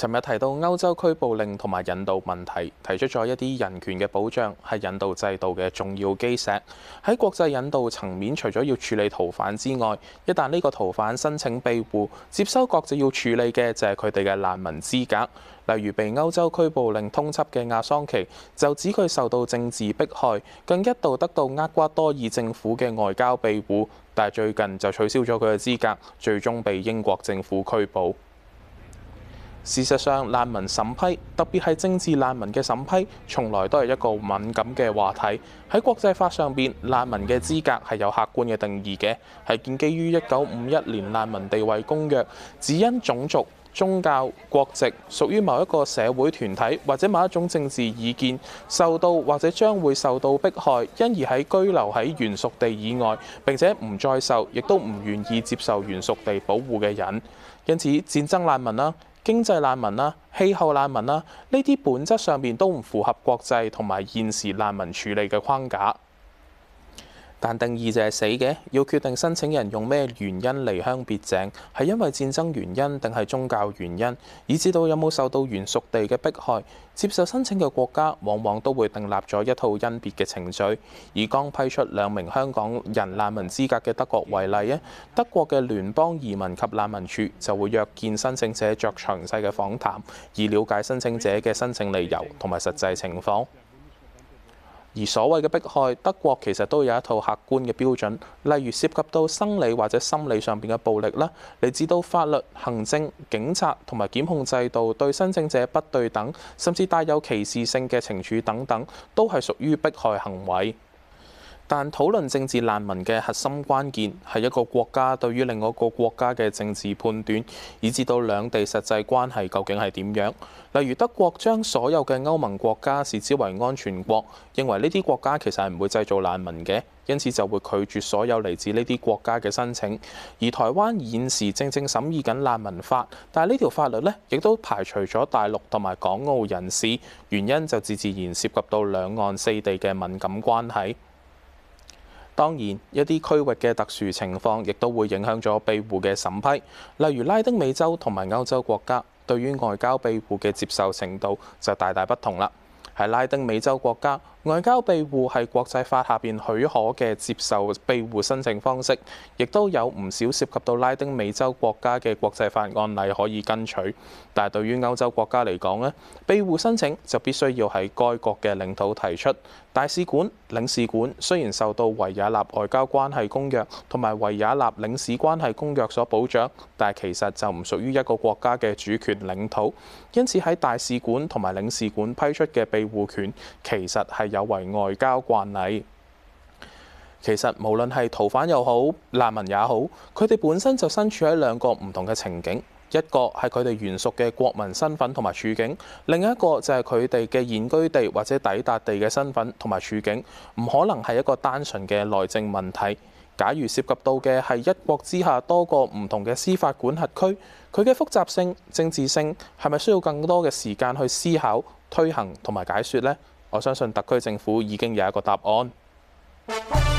尋日提到歐洲拘捕令同埋引渡問題，提出咗一啲人權嘅保障係引渡制度嘅重要基石。喺國際引渡層面，除咗要處理逃犯之外，一旦呢個逃犯申請庇護，接收國就要處理嘅就係佢哋嘅難民資格。例如被歐洲拘捕令通緝嘅阿桑奇，就指佢受到政治迫害，更一度得到厄瓜多爾政府嘅外交庇護，但係最近就取消咗佢嘅資格，最終被英國政府拘捕。事實上，難民審批，特別係政治難民嘅審批，從來都係一個敏感嘅話題。喺國際法上邊，難民嘅資格係有客觀嘅定義嘅，係建基於一九五一年難民地位公約，只因種族、宗教、國籍屬於某一個社會團體，或者某一種政治意見，受到或者將會受到迫害，因而喺居留喺原屬地以外，並且唔再受，亦都唔願意接受原屬地保護嘅人。因此，戰爭難民啦。經濟難民啦、啊，氣候難民啦、啊，呢啲本質上面都唔符合國際同埋現時難民處理嘅框架。但定義就係死嘅，要決定申請人用咩原因離鄉別井，係因為戰爭原因定係宗教原因，以至到有冇受到原屬地嘅迫害。接受申請嘅國家往往都會訂立咗一套甄別嘅程序。以剛批出兩名香港人難民資格嘅德國為例咧，德國嘅聯邦移民及難民署就會約見申請者作詳細嘅訪談，以了解申請者嘅申請理由同埋實際情況。而所謂嘅迫害，德國其實都有一套客觀嘅標準，例如涉及到生理或者心理上面嘅暴力啦，嚟至到法律、行政、警察同埋檢控制度對申請者不對等，甚至帶有歧視性嘅懲處等等，都係屬於迫害行為。但討論政治難民嘅核心關鍵係一個國家對於另外一個國家嘅政治判斷，以至到兩地實際關係究竟係點樣。例如德國將所有嘅歐盟國家視之為安全國，認為呢啲國家其實係唔會製造難民嘅，因此就會拒絕所有嚟自呢啲國家嘅申請。而台灣現時正正審議緊難民法，但係呢條法律呢亦都排除咗大陸同埋港澳人士，原因就自自然涉及到兩岸四地嘅敏感關係。當然，一啲區域嘅特殊情況亦都會影響咗庇護嘅審批，例如拉丁美洲同埋歐洲國家對於外交庇護嘅接受程度就大大不同啦。喺拉丁美洲國家。外交庇護係國際法下邊許可嘅接受庇護申請方式，亦都有唔少涉及到拉丁美洲國家嘅國際法案例可以跟取。但係對於歐洲國家嚟講呢，庇護申請就必須要喺該國嘅領土提出。大使館、領事館雖然受到《維也納外交關係公約》同埋《維也納領事關係公約》所保障，但係其實就唔屬於一個國家嘅主權領土。因此喺大使館同埋領事館批出嘅庇護權，其實係，有違外交慣例，其實無論係逃犯又好，難民也好，佢哋本身就身處喺兩個唔同嘅情景，一個係佢哋原屬嘅國民身份同埋處境，另一個就係佢哋嘅現居地或者抵達地嘅身份同埋處境，唔可能係一個單純嘅內政問題。假如涉及到嘅係一國之下多個唔同嘅司法管轄區，佢嘅複雜性、政治性係咪需要更多嘅時間去思考、推行同埋解説呢？我相信特區政府已經有一個答案。